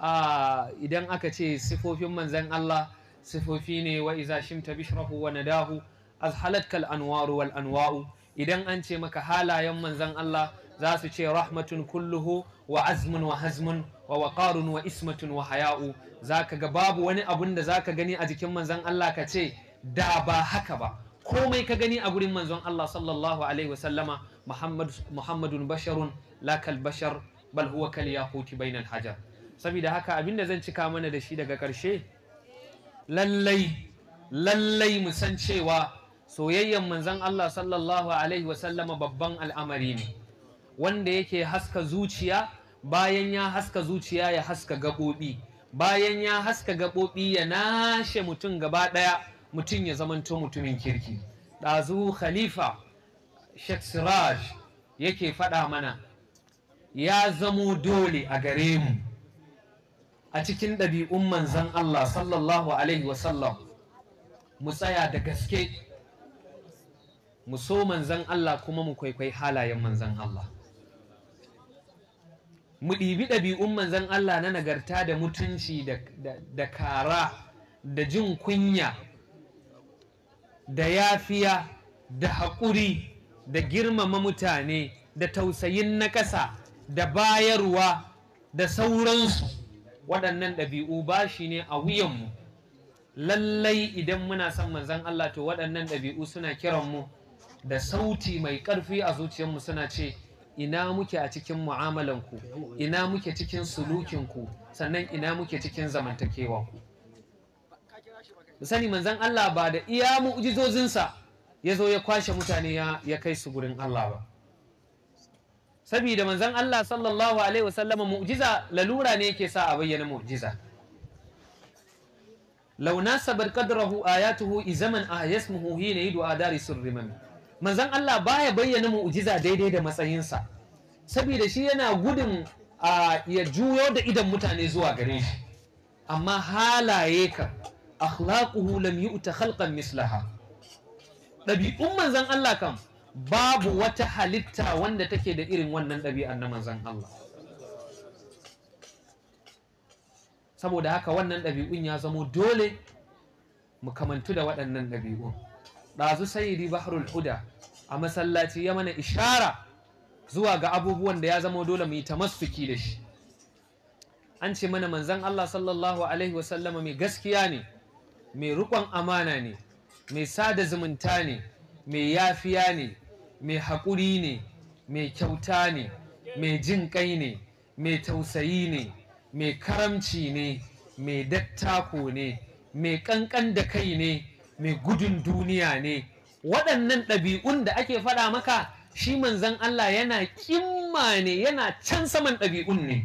ah, idan aka ce sifofin manzan Allah sifofi ne wa iza shimta bishrahu wa nadahu azhalatkal anwaru wal anwa'u idan an ce maka halayen manzan Allah za su ce rahmatun kulluhu wa azmun wa hazmun wa waqarun wa ismatun wa haya'u zaka ga babu wani abun da zaka gani a jikin manzan Allah ka ce da ba haka ba komai ka gani a gurin manzon Allah sallallahu alaihi wasallama Muhammadun basharun la kalbashar bal huwa kal yaquti bainal hajar saboda haka abinda zan cika mana da shi daga karshe, lallai lallai mu san cewa soyayyen manzon Allah sallallahu alaihi wasallama babban al'amari ne wanda yake haska zuciya bayan ya haska zuciya ya haska gabobi, bayan ya haska gabobi ya nashe mutum gaba ɗaya mutum ya zamanto mutumin kirki dazu khalifa sheikh siraj yake faɗa mana ya zamo dole a gare mu a cikin ɗabi'un manzan Allah sallallahu Alaihi wasallam mu tsaya da gaske mu so manzan Allah kuma mu kwaikwai halayen manzan Allah mu ɗibi ɗabi'un manzan Allah na nagarta da mutunci da kara da jin kunya da yafiya da haƙuri da girmama mutane da tausayin na ƙasa da bayarwa da sauransu waɗannan ɗabi'u ba shi ne a wuyanmu lallai idan muna son manzan Allah to waɗannan ɗabi'u suna kiranmu da sauti mai ƙarfi a zuciyarmu suna ce ina muke a cikin mu'amalanku ina muke cikin sulukinku sannan ina muke cikin zamantakewanku sani manzan Allah ba da iya mu'ujizozinsa ya zo ya kwashe mutane ya kai su gurin Allah ba saboda manzon Allah sallallahu alaihi wasallama mu'jiza lalura ne yake sa a bayyana mu'jiza law a qadrahu ayatuhu izaman ayasmuhu ah hina yidu adari sirriman Manzan Allah baya bayyana mu'jiza daidai da matsayinsa saboda shi yana gudun a ya juyo da idan mutane zuwa gare shi amma halaye ka akhlaquhu lam yu'ta khalqan mislaha ɗabi'un manzon Allah kan babu wata halitta wanda take da irin wannan ɗabi'ar na manzan Allah saboda haka wannan ɗabi'un ya zamo dole mu kamantu da waɗannan ɗabi'un ɗazu sayidi baharul huda a masallaci ya mana ishara zuwa ga abubuwan da ya zamo dole mu yi ta tamassuki da shi an ce mana manzan Allah sallallahu alaihi wasallama mai gaskiya ne mai riƙon amana ne mai sada zumunta ne mai yafiya ne mai haƙuri ne mai kyauta ne mai jin kai ne mai tausayi ne mai karamci ne mai dattako ne mai ƙanƙan da kai ne mai gudun duniya ne waɗannan ɗabi'un da ake faɗa maka shi manzan Allah yana kimma ne yana can saman ɗabi'un ne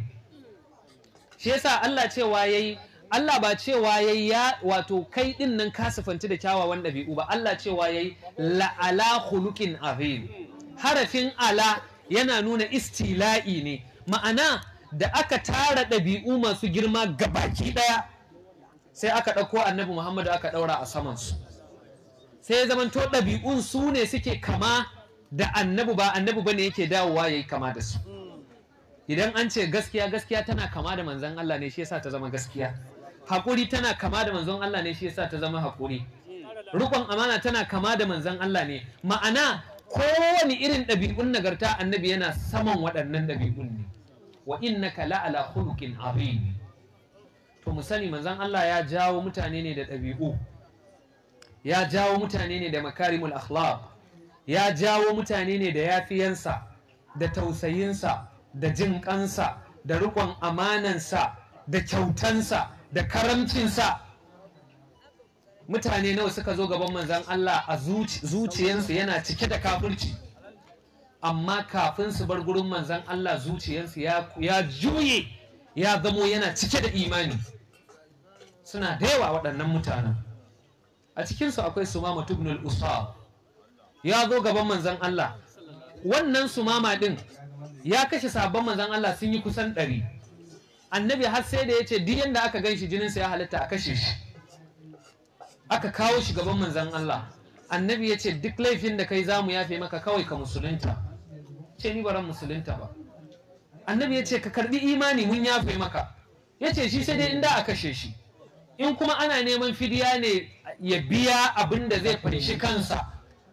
shi yasa Allah cewa yayi Allah ba cewa yayi ya wato kai din nan ka da kyawawan ɗabi'u ba Allah cewa yayi la'ala khuluqin azim harafin ala yana nuna istila'i ne ma'ana da aka tara ɗabi'u masu girma gabaki ɗaya sai aka ɗauko annabi Muhammadu aka ɗaura a samansu sai ya zamanto ɗabi'un su ne suke kama da annabi ba annabi bane yake dawowa yayi kama da su idan an ce gaskiya gaskiya tana kama da manzan Allah ne shi yasa ta zama gaskiya Hakuri tana kama da manzon Allah ne shi yasa ta zama hakuri. rukon amana tana kama da manzon Allah ne ma'ana kowane irin ɗabi'un nagarta annabi yana saman waɗannan ɗabi'un ne wa innaka la'ala khuluqin azim to mu sani manzon Allah ya jawo mutane ne da ɗabi'u ya jawo mutane ne da makarimul akhlaq ya jawo mutane ne da yafiyansa da tausayinsa da jin kansa da amanan amanansa da kyautansa da karamcinsa mutane nawa suka zo gaban manzan Allah a zuciyansu yana cike da kafirci amma kafin su bar gurin manzan Allah zuciyansu ya juye ya zamo yana cike da imani suna da yawa waɗannan mutanen a cikinsu akwai sumama tubnul usab ya zo gaban manzan Allah wannan sumama ɗin ya kashe sabon manzan Allah sun yi kusan ɗari annabi har sai da ya ce duk yadda aka gan shi jininsa ya halitta a kashe shi aka kawo shi gaban manzan Allah annabi ya ce duk laifin da kai za mu yafe maka kawai ka musulunta ce ni baran musulunta ba annabi ya ce ka karbi imani mun yafe maka ya ce shi sai dai inda a kashe shi in kuma ana neman fidiya ne ya biya abin da zai fanshi kansa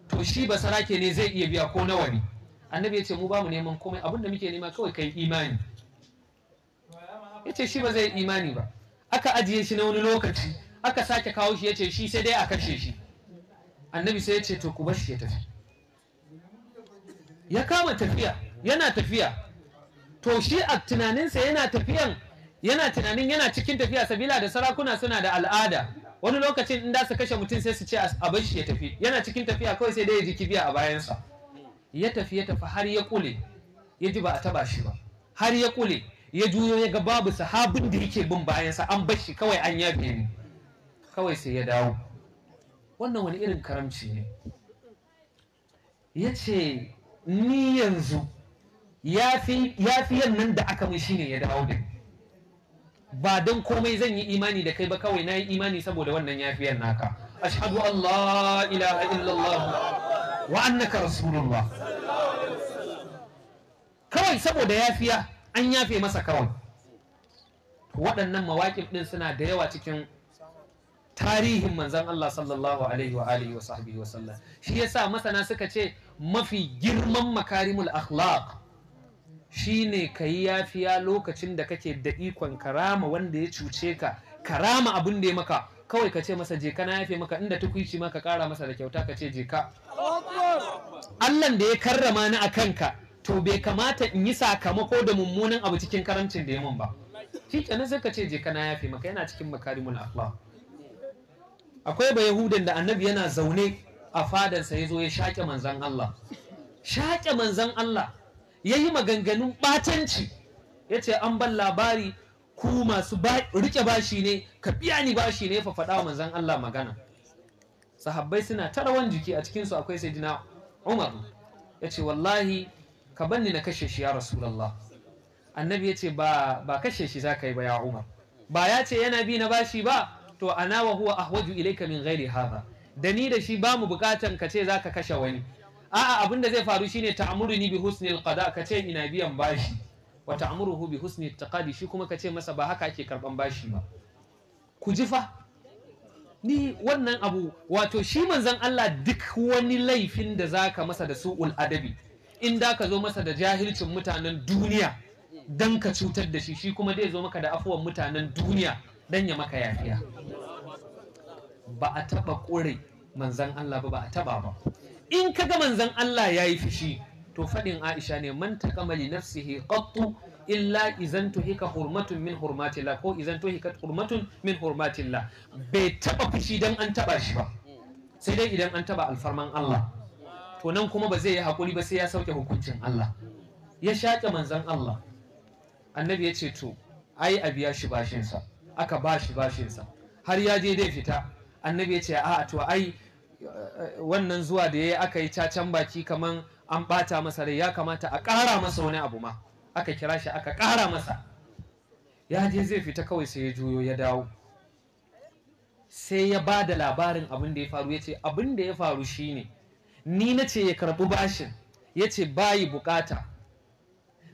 to shi ba basarake ne zai iya biya ko nawa ne annabi ya ce mu ba mu neman komai abin da muke nema kawai kai imani ya ce shi ba zai yi imani ba aka ajiye shi na wani lokaci aka sake kawo shi ya ce shi sai dai a kashe shi annabi sai ya ce to ku bashi ya tafi ya kama tafiya yana tafiya to shi a tunaninsa yana tafiyan yana tunanin yana cikin tafiya sabila da sarakuna suna da al'ada wani lokacin in da su kashe mutum sai su ce a bar ya tafi yana cikin tafiya kawai sai dai ya ji kibiya a bayansa ya tafi ya tafi har ya kule ya ji ba a taba shi ba har ya kule ya juyo ya ga babu sahabin da yake bin bayansa an bar shi kawai an yabe ni kawai sai ya dawo wannan wani irin karamci ne yace ni yanzu yafi yafi yannan da aka mun shine ya dawo da ba don komai zan yi imani da kai ba kawai na yi imani saboda wannan yafiyan naka ashhadu an la ilaha illallah wa annaka rasulullah kawai saboda yafiya an yafe masa kawai waɗannan mawaƙin ɗin suna da yawa cikin tarihin manzan Allah sallallahu alaihi wa alihi wa sahbihi wa sallam shi yasa masana suka ce mafi girman makarimul akhlaq shine kayi yafiya lokacin da kake da ikon karama wanda ya cuce ka karama abin da ya maka kawai ka ce masa je na yafe maka inda tukuici maka kara masa da kyauta ka ce je ka Allahn da ya karrama ni a kanka to bai kamata in yi sakamako da mummunan abu cikin karancin da ya mun ba shi kenan sai ka ce je kana yafe maka yana cikin makarimul akhlaq akwai ba yahudin da annabi yana zaune a fadansa ya zo ya shaƙe manzan Allah shaƙe manzan Allah ya yi maganganun ɓatanci ya an ban labari ku masu riƙe bashi ne ka biya ni bashi ne fa faɗa manzan Allah magana sahabbai suna ta rawan jiki a cikinsu akwai sai jina Umar yace wallahi ka banni na kashe shi ya rasulallah. annabi ya ce ba kashe shi za ka yi ba ya umar ba ya ce yana bi na bashi ba to ana wa huwa ahwaju ilayka min ghairi hadha da ni da shi ba mu bukatan ka ce za ka kashe wani a'a abin da zai faru shine ta'muruni bi husnil qada ka ce ina biyan bashi wa ta'muruhu bi husni taqadi shi kuma ka ce masa ba haka ake karban bashi ba ku ji fa ni wannan abu wato shi manzon Allah duk wani laifin da zaka masa da su'ul adabi in da ka zo masa da jahilcin mutanen duniya don ka cutar da shi shi kuma zai zo maka da afuwan mutanen duniya don ya maka yafiya ba a taba ƙure manzan Allah ba ba a taba ba in ka ga manzan Allah ya yi fishi to faɗin Aisha ne man ta taqama li nafsihi qattu illa izan tuhika hurmatun min hurmatillah ko izan tuhika hurmatun min hurmatillah bai taba fushi dan an taba shi ba sai dai idan an taba alfarman Allah to nan kuma ba zai yi hakuri ba sai ya sauke hukuncin Allah ya shaƙe manzan Allah annabi ya ce to ai a biya shi bashinsa aka ba shi bashinsa har ya je dai fita annabi ya ce a to ai wannan zuwa da ya aka yi cacan baki kaman an bata masa rai ya kamata a ƙara masa wani abu ma aka kira shi aka ƙara masa ya je zai fita kawai sai ya juyo ya dawo sai ya ba da labarin abin da ya faru ya ce abin da ya faru shine ni na ce ya karɓi bashin ya ce bayi bukata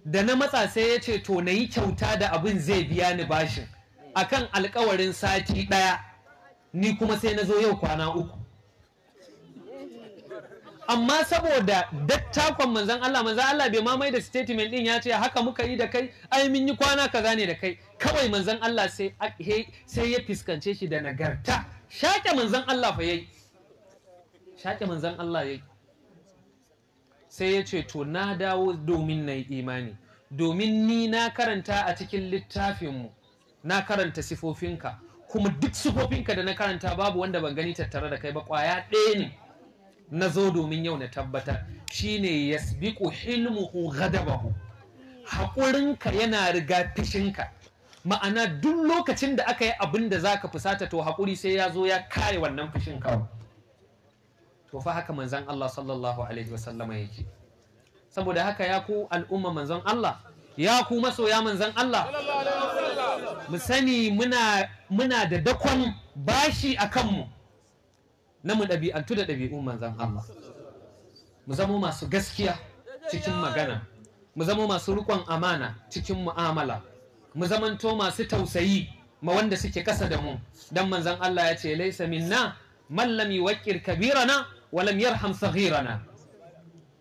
da na matsa sai ya ce to na yi kyauta da abin zai biya ni bashin a kan alkawarin sati ɗaya ni kuma sai na zo yau kwana uku amma saboda dattakon manzan Allah manzan Allah bai mamai da statement din ya ce haka muka yi da kai ai mun yi kwana kaza ne da kai kawai manzan Allah sai ya fiskance shi da nagarta shaƙe manzan Allah fa yayi shaƙe manzan Allah ya sai ya ce to na dawo domin na imani domin ni na karanta a cikin littafinmu na karanta sifofinka kuma duk sifofinka da na karanta babu wanda ban gani tattare da kai ba kwaya ɗaya ne na zo domin yau na tabbatar shine yasbiqu hilmuhu ghadabahu haƙurinka yana riga fishinka ma'ana duk lokacin da aka yi abin da zaka fusata to haƙuri sai ya zo ya kare wannan fishinka kawai to fa haka manzan Allah sallallahu alaihi wa sallama yake saboda haka ya ku al'umma manzon Allah ya ku masoya manzan Allah mu sani muna muna da dakon bashi a kanmu na mu ɗabi'antu da ɗabi'un manzon Allah mu zamo masu gaskiya cikin magana mu zamo masu riƙon amana cikin mu'amala mu zamanto masu tausayi ma wanda suke kasa da mu dan manzon Allah ya ce laisa minna mallami, lam yuwaqqir kabirana walam yarham saghirana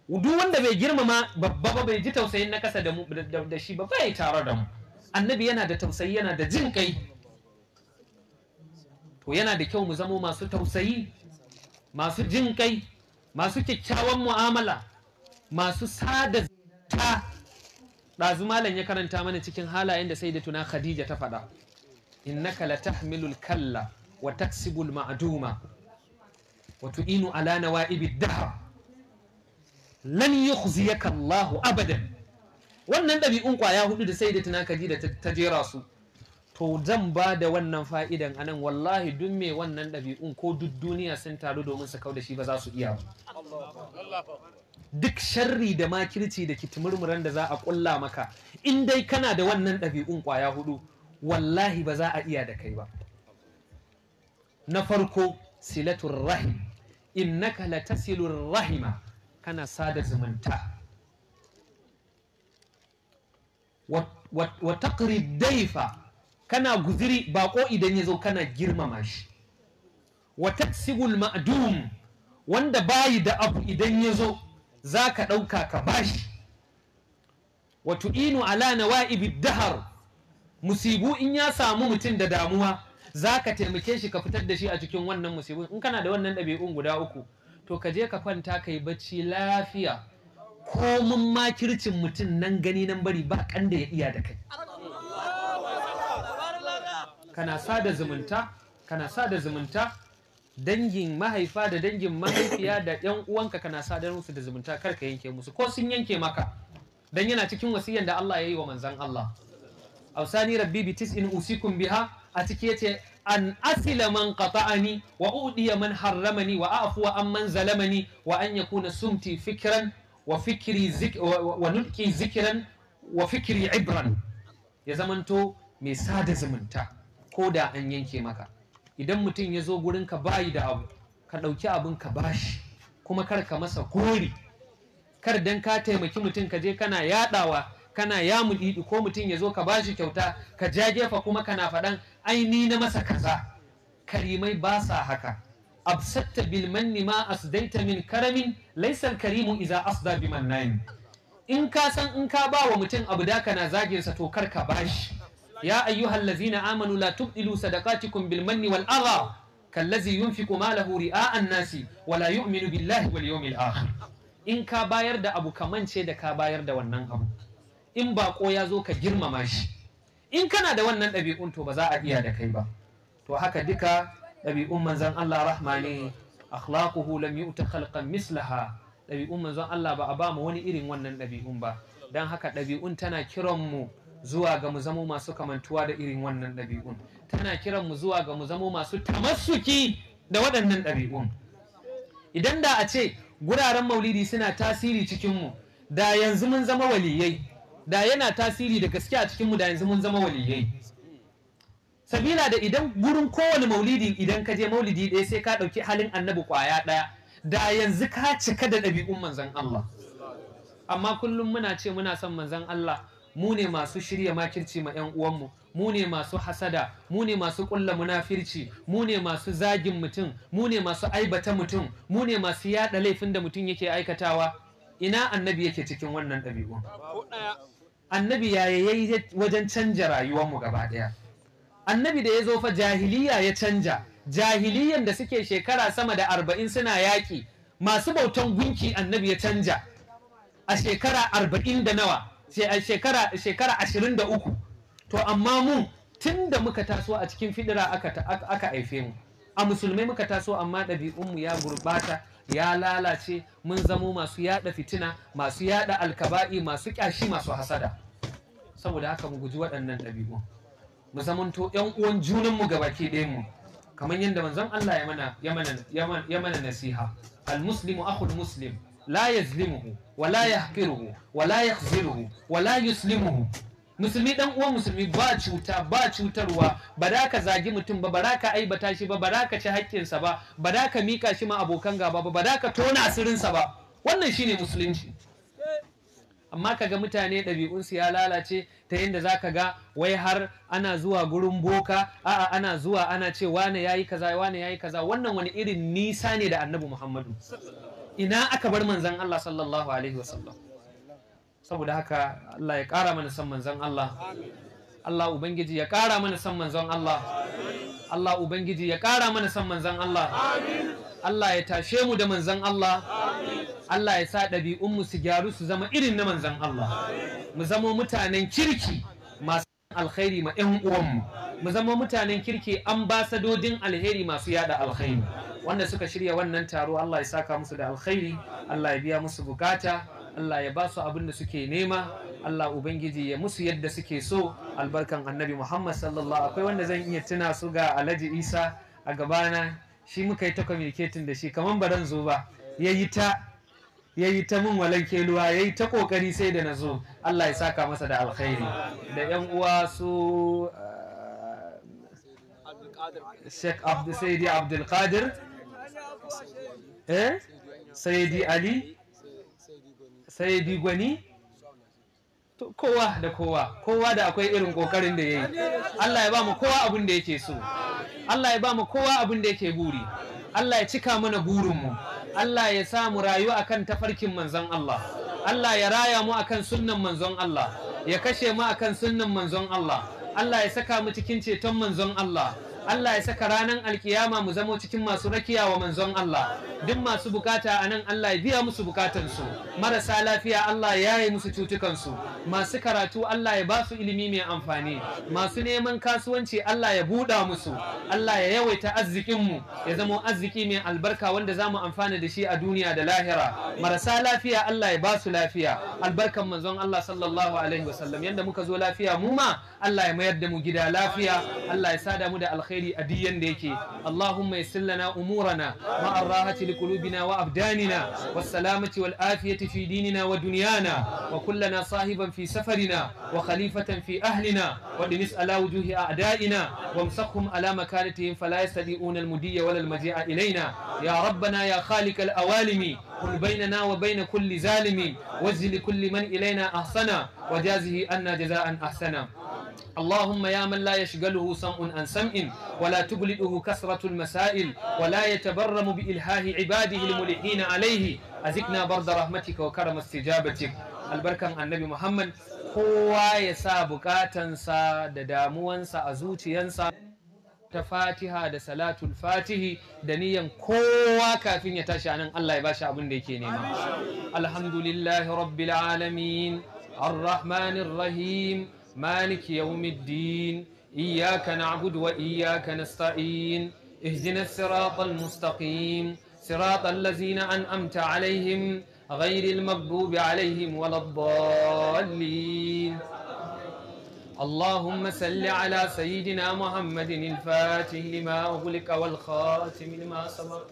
wudu wanda bai girmama babba ba bai ji tausayin na kasa da shi ba bai tare da mu annabi yana da tausayi yana da jin kai to yana da kyau mu zamo masu tausayi masu jin kai masu kyakkyawan mu'amala masu sada ta ɗazu malam ya karanta mana cikin halayen da sai da tuna khadija ta faɗa innaka latahmilul kalla wa taksibul ma'duma وتؤين على نوائب الدهر lan yukhziyaka Allahu wannan ɗabi'un ƙwaya hudu da sai da tana da ta jera su to zan ba da wannan fa'idan a nan wallahi duk mai wannan ɗabi'un ko duk duniya sun taru domin su kau da shi ba za su iya ba duk sharri da makirci da kitimurmuran da za a ƙulla maka in dai kana da wannan ɗabi'un ƙwaya hudu wallahi ba za a iya da kai ba na farko silatul rahim innaka tasilur rahima kana sada zumunta wa taqri daifa kana guziri bako idan yazo kana girmama shi wa taksibul ma'dum wanda bayi da abu idan ya zo za ka ɗauka ka bashi wa tu'inu ala nawa'ibid dahar musibu in ya samu mutum da damuwa za ka taimake shi ka fitar da shi a cikin wannan musibin in kana da wannan ɗabi'un guda uku to ka je ka kwanta ka yi bacci lafiya komin kircin mutum nan gani nan bari ba kan da ya iya da kai kana sada zumunta kana sada zumunta dangin mahaifa da dangin mahaifiya da yan uwanka kana da musu da zumunta kar ka yanke musu ko sun yanke maka dan yana cikin wasiyan da Allah ya yi wa manzon Allah ausani rabbi bitis in usikum biha a ciki yace an asila man qata'ani wa udiya man harramani wa afuwa an man zalamani wa an yakuna sumti fikiran, wa fikri zik wa nulki zikran wa fikri ibran ya zamanto mai sada zumunta ko da an yanke maka idan mutum ya zo gurinka bayi da abu ka ɗauki abin ka bashi kuma kar ka masa gori kar dan ka taimaki mutum ka je kana yaɗawa kana ya ɗiɗi, ko mutum ya zo ka bashi kyauta ka ja gefa kuma kana faɗan aini na masa kaza karimai ba sa haka absatta bil manni ma asdaita min karamin laisar karimu iza asda bi mannain in ka san in ka ba wa mutum abu da kana zagin sa to kar ka bashi ya ayyuhal ladzina amanu la tubdilu sadaqatikum bil manni wal adha ladzi yunfiqu malahu ri'a nasi wa la yu'minu billahi wal yawmil akhir in ka bayar da abu kamance da ka bayar da wannan abu in bako ya zo ka girmama shi in kana da wannan ɗabi'un to ba za a iya da kai ba to haka duka ɗabi'un manzon Allah rahmani akhlaquhu lam yu'ta khalqan mislaha ɗabi'un manzon Allah ba a ba mu wani irin wannan ɗabi'un ba dan haka ɗabi'un tana kiran mu zuwa ga mu zamo masu kamantuwa da irin wannan ɗabi'un tana kiran mu zuwa ga mu zamo masu tamassuki da waɗannan ɗabi'un idan da a ce guraren maulidi suna tasiri cikin mu da yanzu mun zama waliyai da yana tasiri da gaske a cikin mu da yanzu mun zama waliyai sabila da idan gurin kowane maulidi idan ka je maulidi ɗaya sai ka ɗauki halin annabi kwaya ɗaya da yanzu ka cika da ɗabi'un manzan Allah amma kullum muna ce muna son manzan Allah mu ne masu shirya makirci ma 'yan uwanmu mu ne masu hasada mu ne masu ƙulla munafirci mu ne masu zagin mutum mu ne masu aibata mutum mu ne masu yaɗa laifin da mutum yake aikatawa ina annabi yake cikin wannan ɗabi'un annabi ya yi wajen canja rayuwarmu gaba ɗaya annabi da ya zo fa jahiliya ya canja jahiliyan da suke shekara sama da arba'in suna yaƙi masu bautan gunki annabi ya canja a shekara arba'in da nawa shekara ashirin da uku to amma mu tun da muka taso a cikin fidira aka haife mu a musulmai muka taso amma ɗabi'unmu ya gurɓata ya lalace mun zamo masu yada fitina masu yada alkaba'i masu kyashi masu hasada saboda haka mu guji waɗannan ɗabi'u mu zamanto ƴan uwan junanmu baki ɗayan mu kamar yadda manzon Allah ya mana nasiha al muslimu akhul muslim la yazlimuhu wa la yahqiruhu wa la yakhziruhu wa la yuslimuhu musulmi dan uwan musulmi ba cuta ba cutarwa ba da ka zagi mutum ba ba da ka aibata shi ba ba da ka ci haƙƙinsa ba ba da ka mika shi ma abokan gaba ba ba da ka tona asirinsa ba wannan shine musulunci amma ka ga mutane ɗabi'unsu ya lalace ta yadda za ka ga wai har ana zuwa gurin boka a'a ana zuwa ana ce wane yayi kaza wane yayi kaza wannan wani irin nisa ne da annabi muhammadu ina aka bar manzon allah sallallahu alaihi wasallam saboda haka Allah ya ƙara mana san manzon Allah Allah ubangiji ya ƙara mana san manzon Allah Allah ubangiji ya ƙara mana san manzon Allah Allah ya tashe mu da manzon Allah Allah ya sa mu su gyaru su zama irin na manzon Allah mu zama mutanen kirki masu alkhairi ma 'yan uwanmu mu zama mutanen kirki ambasadodin alheri masu yada alkhairi wanda suka shirya wannan taro Allah ya saka musu da alkhairi Allah ya biya musu bukata Allah ya ba su abin da suke nema Allah ubangiji ya musu yadda suke so albarkan annabi Muhammad sallallahu akwai wanda zan iya tuna su ga Alhaji Isa a gabana shi muka yi ta communicating da shi kaman ba zo ba yayi ta ya yi ta mun walanke luwa. ya yi ta kokari sai da na zo Allah ya saka masa da alkhairi da yan uwa su uh, Sheikh Abdul Sayyidi Abdul Qadir eh Sayyidi Ali sai gwani kowa da kowa kowa da akwai irin kokarin da ya yi Allah ya ba mu kowa abin da yake so Allah ya ba mu kowa abin da yake buri Allah ya cika mana burinmu Allah ya sa mu rayu akan tafarkin manzon Allah Allah ya raya mu akan sunnan manzon Allah ya kashe mu akan sunnan manzon Allah Allah ya saka mu cikin ceton manzon Allah Allah ya saka ranar alkiyama mu zamo cikin masu rakiya wa manzon Allah duk masu bukata a nan Allah ya biya musu bukatansu marasa lafiya Allah ya yi musu cutukansu masu karatu Allah ya ba su ilimi mai amfani masu neman kasuwanci Allah ya buɗa musu Allah ya yawaita arzikinmu ya zamo arziki mai albarka wanda za mu amfana da shi a duniya da lahira marasa lafiya Allah ya ba su lafiya albarkan manzon Allah sallallahu alaihi wasallam yanda muka zo lafiya mu ma Allah ya mayar da mu gida lafiya Allah ya sada mu da alkhairi alkhairi a duk yanda yake Allahumma yassir lana umurana ma arrahati liqulubina wa abdanina was salamati wal afiyati fi dinina wa dunyana wa kullana sahiban fi safarina wa khalifatan fi ahlina wa dinis ala wujuhi a'daina وامسخهم على مكانتهم فلا يستطيعون المدي ولا المجيء إلينا يا ربنا يا خالق الأوالم كن بيننا وبين كل ظالم وزل كل ilaina ahsana wa jazihi anna jaza'an ahsana اللهم يا من لا يشغله سمع عن سمع ولا تبلده كثرة المسائل ولا يتبرم بإلهاه عباده الملحين عليه أزكنا برد رحمتك وكرم استجابتك albarkan annabi muhammad kowa ya sa bukatansa da damuwansa a zuciyansa ta fatiha da salatul fatihi da niyan kowa kafin ya tashi anan allah ya bashi abin da yake nema alhamdulillahi rabbil alamin الرحمن الرحيم مالك يوم الدين إياك نعبد وإياك نستعين اهدنا الصراط المستقيم صراط الذين أنأمت عليهم غير المغضوب عليهم ولا الضالين اللهم صل على سيدنا محمد الفاتح لما أغلق والخاتم لما سبق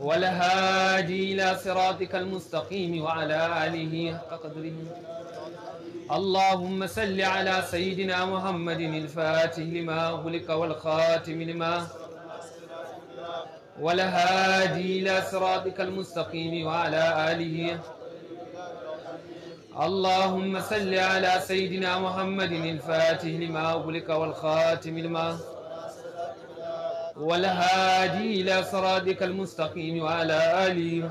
والهادي إلى صراطك المستقيم وعلى آله حق قدره اللهم صل على سيدنا محمد الفاتح لما أغلق والخاتم لما والهادي إلى صراطك المستقيم وعلى آله اللهم صل على سيدنا محمد الفاتح لما أغلق والخاتم لما والهادي إلى صراطك المستقيم وعلى آله